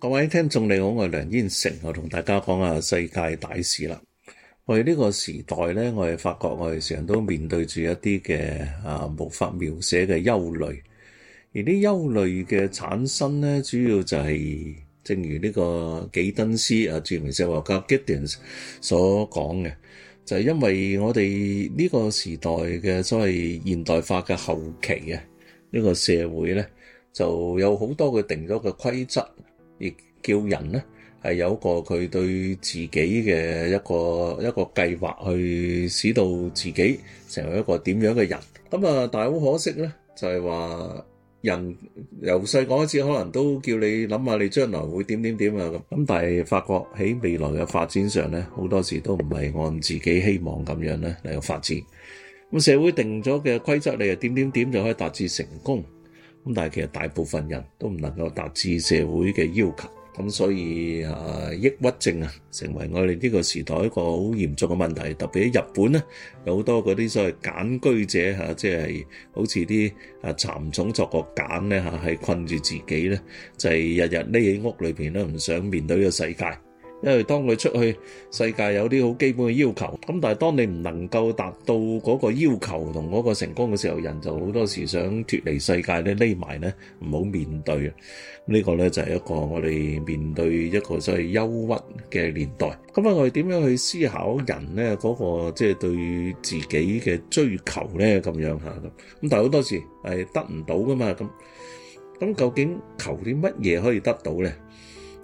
各位聽眾你好，我係梁燕成，我同大家講下世界大事啦。喺呢個時代咧，我哋發覺我哋成日都面對住一啲嘅啊，無法描寫嘅憂慮。而啲憂慮嘅產生咧，主要就係正如呢個紀登斯啊，著名社會學家 Giddens 所講嘅，就係、是、因為我哋呢個時代嘅所謂現代化嘅後期啊，呢、這個社會咧就有好多佢定咗嘅規則。亦叫人咧係有一個佢對自己嘅一個一個計劃去使到自己成為一個點樣嘅人。咁啊，但係好可惜咧，就係話人由細講開始，可能都叫你諗下你將來會點點點啊。咁但係發覺喺未來嘅發展上咧，好多時都唔係按自己希望咁樣咧嚟發展。咁社會定咗嘅規則，你就點點點就可以達至成功。咁但係其實大部分人都唔能夠達至社會嘅要求，咁所以誒抑鬱症啊，成為我哋呢個時代一個好嚴重嘅問題。特別喺日本咧，有好多嗰啲所謂繭居者嚇，即係好似啲誒蠶蟲作個繭咧嚇，係困住自己咧，就係日日匿喺屋裏面咧，唔想面對呢個世界。因為當佢出去世界有啲好基本嘅要求，咁但係當你唔能夠達到嗰個要求同嗰個成功嘅時候，人就好多時想脫離世界咧，匿埋咧，唔好面對。咁呢個咧就係一個我哋面對一個所謂憂鬱嘅年代。咁啊，我哋點樣去思考人咧嗰個即係對自己嘅追求咧咁樣吓咁？咁但係好多時係得唔到㗎嘛咁。咁究竟求啲乜嘢可以得到咧？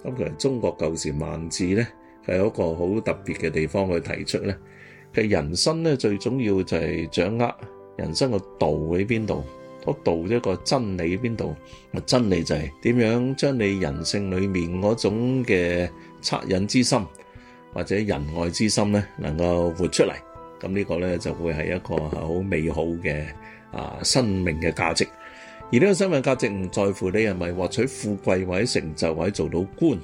咁其實中國舊時孟子咧係有一個好特別嘅地方去提出咧，嘅人生咧最重要就係掌握人生個道喺邊度，個道一個真理喺邊度，真理就係點樣將你人性裏面嗰種嘅惻隱之心或者仁愛之心咧能夠活出嚟，咁呢個咧就會係一個好美好嘅啊生命嘅價值。而呢個身份價值唔在乎你係咪獲取富貴或者成就或者做到官，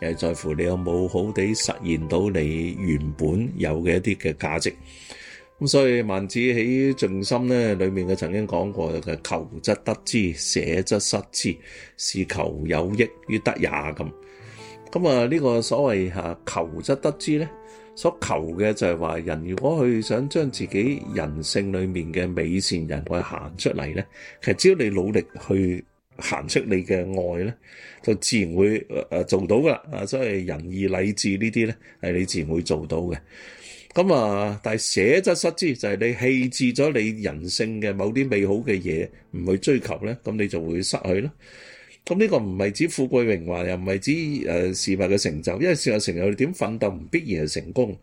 而係在乎你有冇好地實現到你原本有嘅一啲嘅價值。咁所以孟子喺《盡心》咧裏面嘅曾經講過嘅求則得之，捨則失之，是求有益於得也。咁咁啊呢個所謂吓求則得之咧。所求嘅就係話，人如果去想將自己人性裏面嘅美善人格行出嚟咧，其實只要你努力去行出你嘅愛咧，就自然會誒做到噶啦。啊，所謂仁義禮智呢啲咧，係你自然會做到嘅。咁啊，但係捨則失之，就係你棄置咗你人性嘅某啲美好嘅嘢，唔去追求咧，咁你就會失去咯。咁呢個唔係指富貴榮華，又唔係指誒事物嘅成就，因為事物成就你點奮鬥唔必然係成功。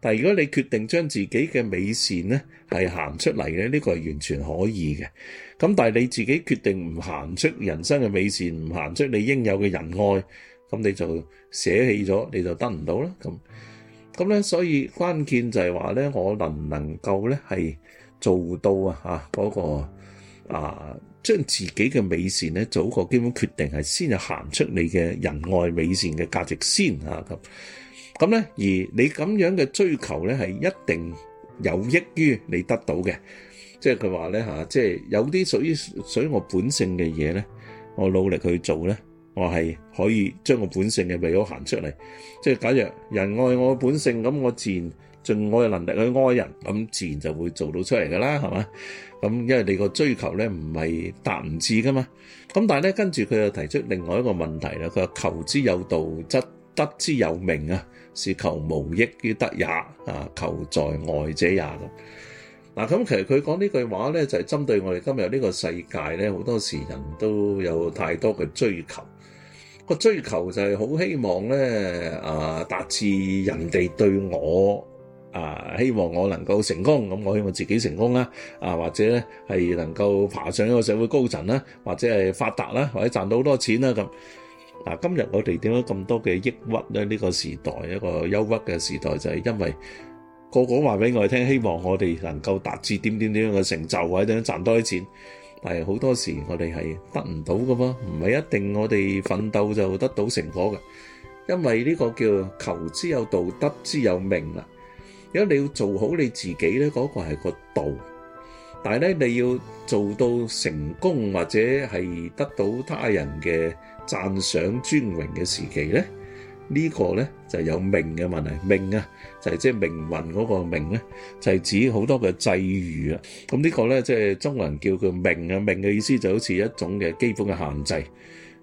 但係如果你決定將自己嘅美善咧係行出嚟嘅，呢個係完全可以嘅。咁但係你自己決定唔行出人生嘅美善，唔行出你應有嘅仁愛，咁你就捨棄咗，你就得唔到啦。咁咁咧，所以關鍵就係話咧，我能唔能夠咧係做到啊？嚇嗰個啊～將自己嘅美善咧，做個基本決定係先要行出你嘅仁愛美善嘅價值先嚇咁。咁、啊、咧，而你咁樣嘅追求咧，係一定有益於你得到嘅。即係佢話咧嚇，即、啊、係、就是、有啲屬於屬於我本性嘅嘢咧，我努力去做咧，我係可以將我本性嘅美好行出嚟。即、就、係、是、假若人愛我本性，咁我自然。盡我嘅能力去愛人，咁自然就會做到出嚟噶啦，係嘛？咁因為你個追求咧，唔係達唔至噶嘛。咁但係咧，跟住佢又提出另外一個問題啦。佢話求之有道，則得之有命啊，是求無益於得也啊，求在外者也。嗱、啊，咁其實佢講呢句話咧，就係、是、針對我哋今日呢個世界咧，好多時人都有太多嘅追求。個追求就係好希望咧，啊，達至人哋對我。啊！希望我能夠成功咁，我希望自己成功啦、啊。啊，或者咧係能夠爬上一個社會高層啦、啊，或者係發達啦、啊，或者賺到好多錢啦、啊、咁。嗱、啊，今日我哋點解咁多嘅抑鬱咧？呢、呢個時代一個憂鬱嘅時代，就係、係、因為個個話俾我聽，希望我哋能夠達至點點點樣嘅成就，或者點樣賺多啲錢。但係好多時我哋係得唔到嘅噃，唔係一定我哋奮鬥就得到成果嘅，因為呢個叫求之有道，得之有命啦。如果你要做好你自己呢，嗰個係個道；但係呢，你要做到成功或者係得到他人嘅讚賞尊榮嘅時期呢，呢個呢就係有命嘅問題。命啊，就係即係命運嗰個命呢，就係指好多嘅際遇啊。咁呢個呢即係中文叫佢命啊。命嘅意思就好似一種嘅基本嘅限制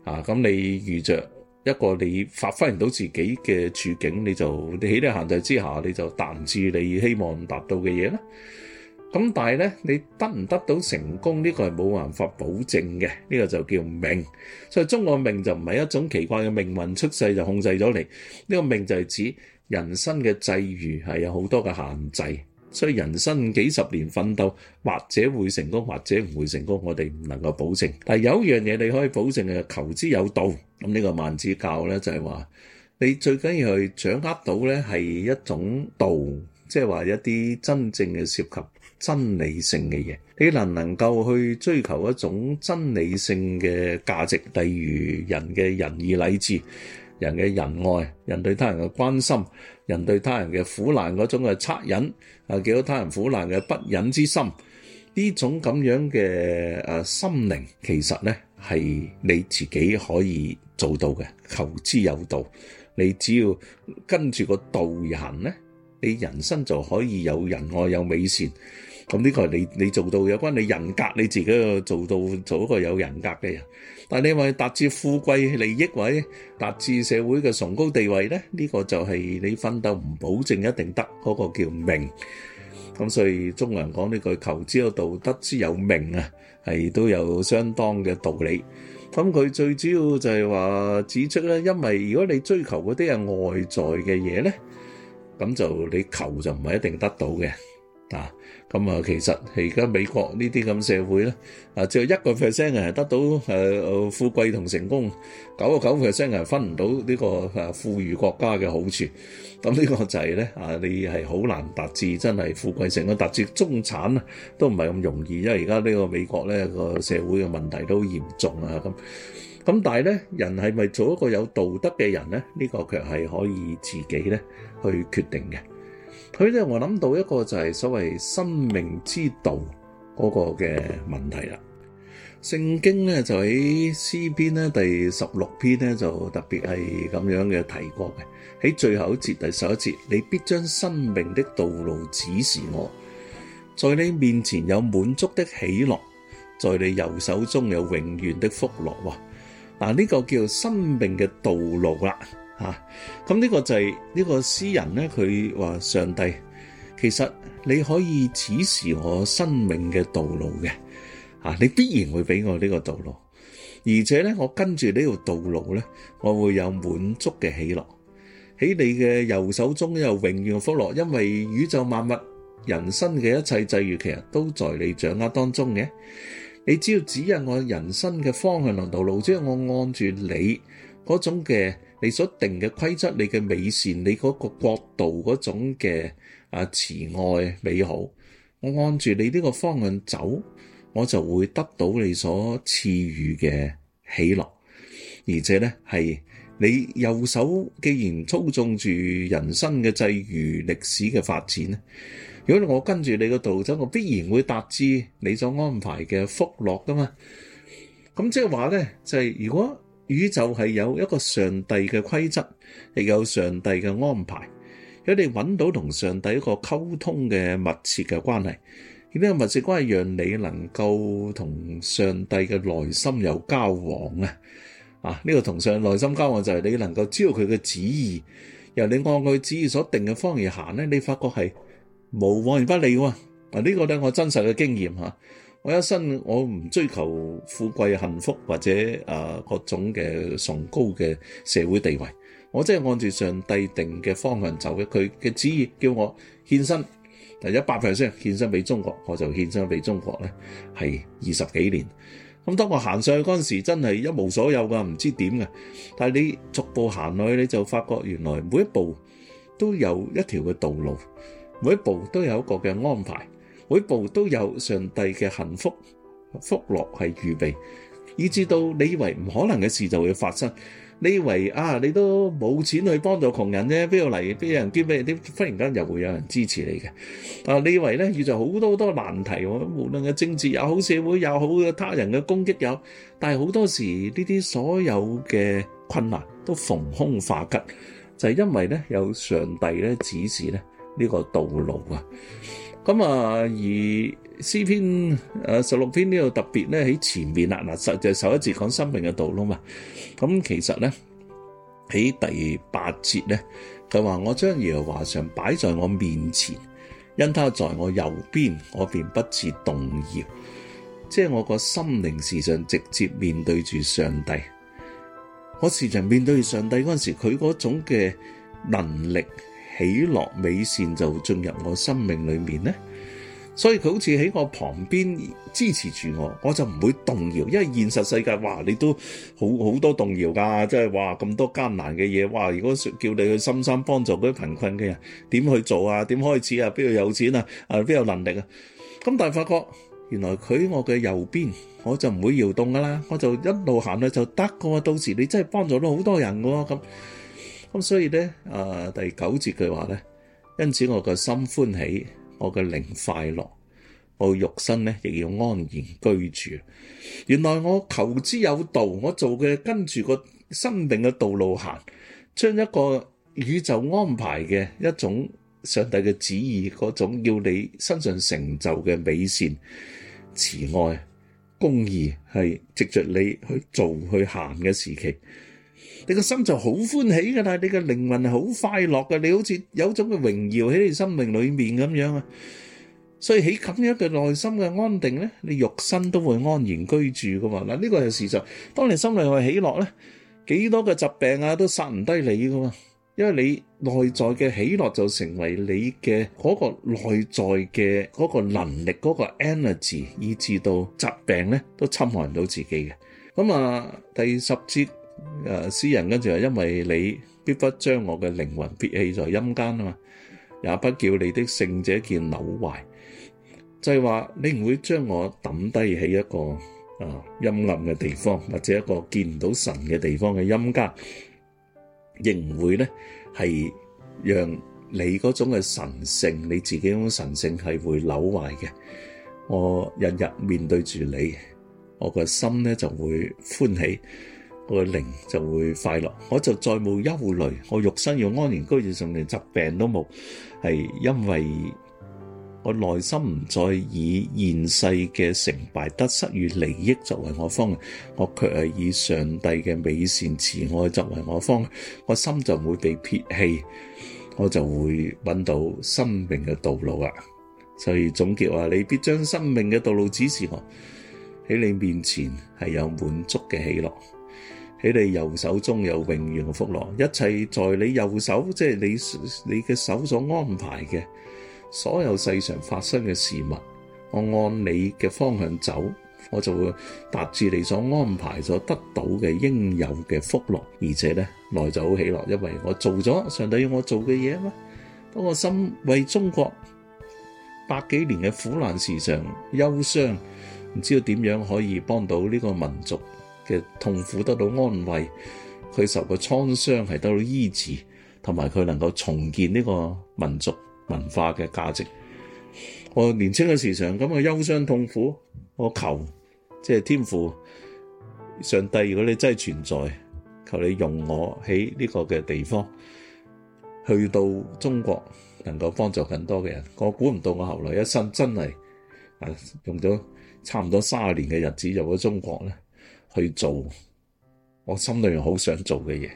啊。咁你遇著一個你發揮唔到自己嘅處境，你就你喺呢個限制之下，你就達唔至你希望達到嘅嘢咧。咁但係咧，你得唔得到成功呢個係冇辦法保證嘅，呢個就叫命。所以中國命就唔係一種奇怪嘅命運，出世就控制咗你。呢個命就係指人生嘅際遇係有好多嘅限制。所以人生幾十年奮鬥，或者會成功，或者唔會成功，我哋唔能夠保證。但係有一樣嘢你可以保證嘅，求之有道。咁呢個孟子教咧就係話，你最緊要係掌握到咧係一種道，即係話一啲真正嘅涉及真理性嘅嘢。你能能夠去追求一種真理性嘅價值，例如人嘅仁義禮智，人嘅仁愛，人對他人嘅關心。人對他人嘅苦難嗰種嘅惻隱，啊，見到他人苦難嘅不忍之心，呢種咁樣嘅誒心靈，其實咧係你自己可以做到嘅，求之有道。你只要跟住個道行咧，你人生就可以有人愛，有美善。咁呢個係你你做到有關你人格，你自己要做到做一個有人格嘅人，但係你話達至富貴利益位，達至社會嘅崇高地位咧，呢個就係你奮鬥，唔保證一定得嗰個叫命。咁所以中國人講呢句求之有道，得之有命啊，係都有相當嘅道理。咁佢最主要就係話指出咧，因為如果你追求嗰啲係外在嘅嘢咧，咁就你求就唔係一定得到嘅啊。咁啊，其實而家美國呢啲咁社會咧，啊，只有一個 percent 係得到誒富貴同成功，九個九 percent 係分唔到呢個誒富裕國家嘅好處。咁呢個就係咧，啊，你係好難達至，真係富貴成功達至中產啊，都唔係咁容易，因為而家呢個美國咧個社會嘅問題都嚴重啊咁。咁但係咧，人係咪做一個有道德嘅人咧？呢個卻係可以自己咧去決定嘅。佢咧，我諗到一個就係所謂生命之道嗰個嘅問題啦。聖經咧就喺詩篇咧第十六篇咧就特別係咁樣嘅提過嘅。喺最後一節第十一節，你必將生命的道路指示我，在你面前有滿足的喜樂，在你右手中有永遠的福樂。哇！嗱、這、呢個叫做生命嘅道路啦。啊，咁、這、呢個就係、是、呢、這個詩人咧，佢話上帝，其實你可以指示我生命嘅道路嘅，啊，你必然會俾我呢個道路，而且咧，我跟住呢條道路咧，我會有滿足嘅喜樂喺你嘅右手中，有永遠嘅福樂，因為宇宙萬物、人生嘅一切際遇，其實都在你掌握當中嘅。你只要指引我人生嘅方向同道路，只、就、要、是、我按住你嗰種嘅。你所定嘅規則，你嘅美善，你嗰個國度嗰種嘅啊慈愛美好，我按住你呢個方向走，我就會得到你所賜予嘅喜樂，而且咧係你右手既然操縱住人生嘅際遇、歷史嘅發展咧，如果我跟住你個道走，我必然會達至你所安排嘅福樂噶嘛。咁即係話咧，就係如果。宇宙係有一個上帝嘅規則，亦有上帝嘅安排。如果你揾到同上帝一個溝通嘅密切嘅關係，呢個密切關係讓你能夠同上帝嘅內心有交往啊！啊，呢個同上帝內心交往就係你能夠知道佢嘅旨意，由你按佢旨意所定嘅方向而行咧，你發覺係無往而不利嘅。啊，呢、這個咧我真實嘅經驗吓。我一生我唔追求富貴幸福或者啊各種嘅崇高嘅社會地位，我即係按住上帝定嘅方向走嘅，佢嘅旨意叫我獻身，第一百 percent 獻身俾中國，我就獻身俾中國咧，係二十幾年。咁當我行上去嗰陣時，真係一無所有噶，唔知點嘅。但係你逐步行落去，你就發覺原來每一步都有一條嘅道路，每一步都有一個嘅安排。每步都有上帝嘅幸福福樂係預備，以致到你以為唔可能嘅事就會發生。你以為啊，你都冇錢去幫助窮人咧，邊度嚟？邊有人捐俾你？你忽然間又會有人支持你嘅。啊，你以為咧遇著好多好多難題，無論嘅政治也好，社會也好，他人嘅攻擊也好，但係好多時呢啲所有嘅困難都逢凶化吉，就係因為咧有上帝咧指示咧呢個道路啊。咁啊，而詩篇誒十六篇呢度特別咧喺前面啊，嗱實就首一節講生命嘅道咯嘛。咁其實咧喺第八節咧，佢話我將耶和華常擺在我面前，因他在我右邊，我便不至動搖。即係我個心靈時常直接面對住上帝，我時常面對住上帝嗰陣時，佢嗰種嘅能力。起落尾線就進入我生命裏面呢，所以佢好似喺我旁邊支持住我，我就唔會動搖，因為現實世界哇，你都好好多動搖噶，即係話咁多艱難嘅嘢，哇，哇如果叫你去深山幫助嗰啲貧困嘅人，點去做啊？點開始啊？邊度有，有錢啊？啊邊有能力啊？咁但係發覺原來佢我嘅右邊，我就唔會搖動噶啦，我就一路就行去就得噶，到時你真係幫助到好多人噶咁。咁所以咧，啊第九節佢話咧，因此我個心歡喜，我個靈快樂，我肉身咧亦要安然居住。原來我求之有道，我做嘅跟住個生命嘅道路行，將一個宇宙安排嘅一種上帝嘅旨意，嗰種要你身上成就嘅美善、慈愛、公義，係藉着你去做去行嘅時期。你個心就好歡喜噶啦，你個靈魂係好快樂嘅，你好似有種嘅榮耀喺你生命裏面咁樣啊。所以喺咁樣嘅內心嘅安定咧，你肉身都會安然居住噶嘛。嗱，呢個係事實。當你心裏係喜樂咧，幾多嘅疾病啊都殺唔低你噶嘛，因為你內在嘅喜樂就成為你嘅嗰個內在嘅嗰個能力嗰個 energy，以至到疾病咧都侵害唔到自己嘅。咁啊，第十節。誒，詩人跟住話，因為你必不將我嘅靈魂撇棄在陰間啊，嘛，也不叫你的聖者見朽壞，就係、是、話你唔會將我抌低喺一個啊陰暗嘅地方，或者一個見唔到神嘅地方嘅陰間，亦唔會咧係讓你嗰種嘅神聖，你自己嗰種神聖係會朽壞嘅。我日日面對住你，我個心咧就會歡喜。個靈就會快樂，我就再冇憂慮，我肉身要安然居住，甚至連疾病都冇，係因為我內心唔再以現世嘅成敗得失與利益作為我方，我却係以上帝嘅美善慈愛作為我方，我心就會被撇棄，我就會揾到生命嘅道路啦。所以總結話，你必將生命嘅道路指示我，喺你面前滿，係有滿足嘅喜樂。喺你右手中有永遠嘅福樂，一切在你右手，即係你你嘅手所安排嘅所有世上發生嘅事物，我按你嘅方向走，我就會達至你所安排所得到嘅應有嘅福樂，而且咧內就喜樂。因為我做咗上帝要我做嘅嘢啊嘛。當我心為中國百幾年嘅苦難時常憂傷，唔知道點樣可以幫到呢個民族。嘅痛苦得到安慰，佢受嘅創傷係得到醫治，同埋佢能夠重建呢個民族文化嘅價值。我年輕嘅時常咁嘅憂傷痛苦，我求即係、就是、天父，上帝，如果你真係存在，求你用我喺呢個嘅地方去到中國，能夠幫助更多嘅人。我估唔到我後來一生真係啊，用咗差唔多卅年嘅日子入咗中國咧。去做我心裏面好想做嘅嘢，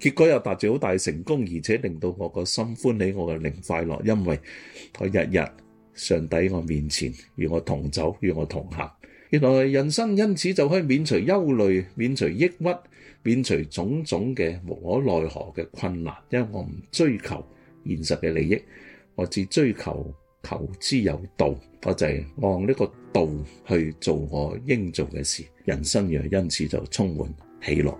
結果又達至好大成功，而且令到我個心歡喜，我嘅靈快樂，因為我日日上帝我面前與我同走與我同行，原來人生因此就可以免除憂慮、免除抑鬱、免除種種嘅無可奈何嘅困難，因為我唔追求現實嘅利益，我只追求。求之有道，我就係按呢個道去做我應做嘅事，人生亦因此就充滿喜樂。